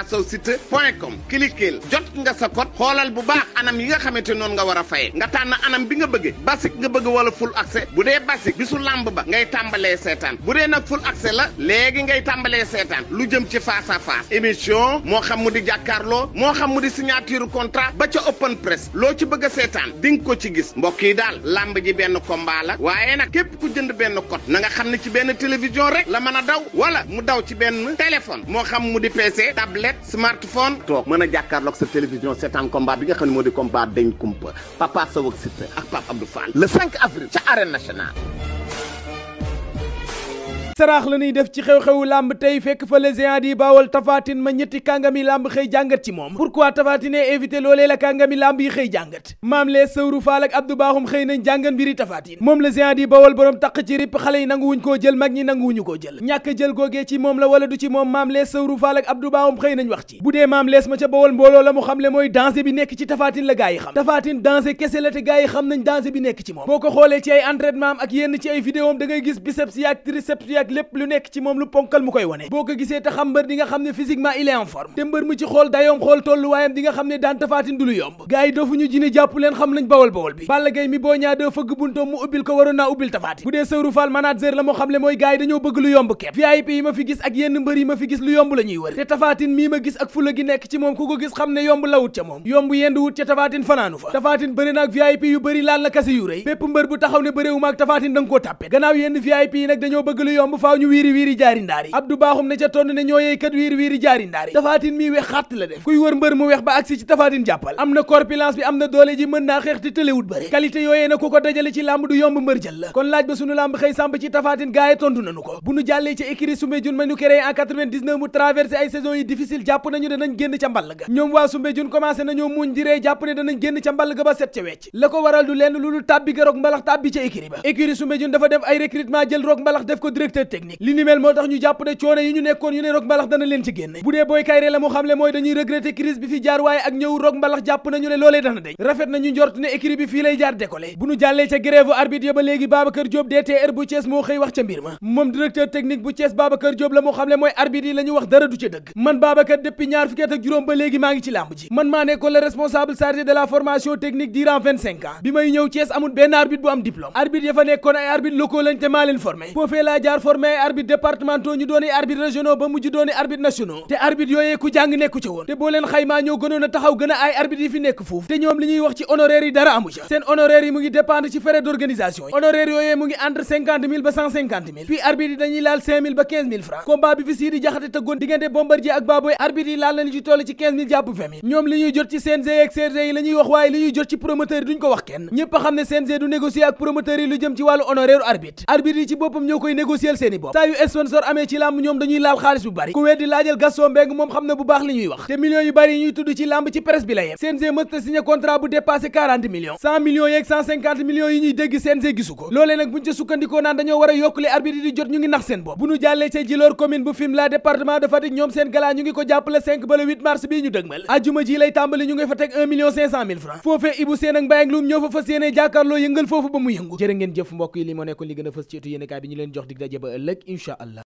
associété.com cliqueel jot nga sa code xoolal bu baax anam yi nga xamante noonu nga war a fayee nga tànn anam bi nga bëggee basique nga bëgg wala full accès bu dee basique bi su làmb ba ngay tàmbalee seetaan bu dee nag full accès la léegi ngay tàmbalee seetaan lu jëm ci face à face moo xam mu di jàkkaarloo moo xam mu di signature contrat ba ca open press loo ci bëgg a seetaan di nga ko ci gis mbokk yi daal làmb ji benn combat waaye nag képp ku jënd benn code na nga xam ne ci benn télévision rek la mën a daw wala mu daw ci benn téléphone moo xam tablette smartphone toog mën a jàkkaarloog sa télévision seetaan combat bi nga xam ne moo di combat dañ kumpa Papa Sow ak Siteu ak Pape Abdou Fall le 5 avril ca arène nationale saraax la ñuy def ci xew-xewu làmb tey fekk fa le géant di bawol tafaatin ma ñetti kàngami làmb xëy jàngat ci moom pourquoi tafaatin évité loolee la kàngami làmb yi xëy jàngat maam lee sëwru faal abdu baaxum xëy nañ jàngat mbiri tafaatin moom le géant di bawol boroom taq ci ripp xale yi nanguwuñ koo jël mag ñi nanguwuñu koo jël ñàkk jël googee ci moom la wala du ci moom maam lees sëwru faal ak abdu baaxum xëy nañ wax ci bu dee maam lees ma ca bawol mbooloo xam tafaatin danger kese la te gaa yi xam nekk ci moom boo xoolee ci ay entraînement am ak lépp lu nekk ci moom lu ponkal mu koy wone boo ko gisee te xam mbër di nga xam ne physiquement il est en forme te mbër mu ci xool dayoom xool tolluwaayam di nga xam ne daan tafaatin du lu yomb gars yi ñu jine jàpp leen xam nañ bawol bawol bi Balla Gaye mi boo ñaa fëgg buntoom mu ubbil ko waroon ubbil tafaatin bu dee Sëru Fall manager la moo xam le mooy gars yi dañoo bëgg lu yomb kepp VIP yi ma fi gis ak yenn mbër yi ma fi gis lu yomb la taxaw ne bëréewuma ak tafaatin da nga koo tàppe gannaaw yomb faaw ñu wiiri wiiri jaari ndaar yi abdu baaxum ne ca tonn ne ñoo yey kat wiiri wiiri jaari ndaar tafaatin miy wex xàtt la def kuy wër mbër mu wex ba agsi ci tafaatin jàppal am na corpulence bi am na doole ji mën naa xeex te tëlewut bëre qualité yooyee na ku ko dajale ci làmb du yomb mbër jël la kon laaj ba sunu làmb xëy sàmb ci tafaatin gaaye tontu nanu ko bu nu jàllee ci écurie Soumbédioune ma ñu créé yi difficile jàpp nañu danañ génn ca mball ay recrutement jël directeur li ni moo tax ñu jàpp ne coono yi ñu nekkoon yu ne Rock Mbalax dana leen ci génne bu dee Boy Kayre la mu xam mooy dañuy regretter crise bi fi jaar waaye ak ñëw Rock Mbalax jàpp nañu ne loolee dana deñ rafet nañu njort ne écrit bi fii lay jaar décollé bu ñu jàllee ca grève arbitre ya ba léegi Babacar Diop DTR bu Thiès moo xëy wax ca mbir ma moom directeur technique bu Thiès Babacar Diop la mu xam mooy arbitre yi la wax dara du ca formé ay arbitre départementaux ñu doon arbitre régionaux ba mujj doon arbitre nationaux te arbitre yooyee ku jàng nekku ca woon te boo leen ñoo gënoon a taxaw gën a ay arbitre yi fi nekk foofu te ñoom li ñuy wax ci honoraire yi dara amu ca seen honoraire yi mu ngi dépendre ci frais d'organisation honoraire yooyee mu ngi entre ba 150 arbitre yi dañuy laal ba francs combat bi fi sii jaxate tëggoon diggante Bombardier ak Baboy arbitre yi laal nañu ci ne CNG du négocier ak saa yu sponsor amee ci làmb ñoom dañuy laal xaalis bu bari ku weddi laajal Gaston Mbengue moom xam na bu baax li ñuy wax te millions yu bari yi ñuy tudd ci làmb gisu ko loolee nag buñ ca sukkandikoo naan dañoo war a yokkule arbitre di jot ñu ngi nax seen bopp bu ñu jàllee ca Djilor commune bu Fimela département de Fatick ñoom seen galaa ñu ngi ko jàppale 5 ba le 8 mars bii ñu dëgmal ajuma ji lay tàmbali ñu ngi fa teg 1 million 500 mille francs ëllëg incha allah.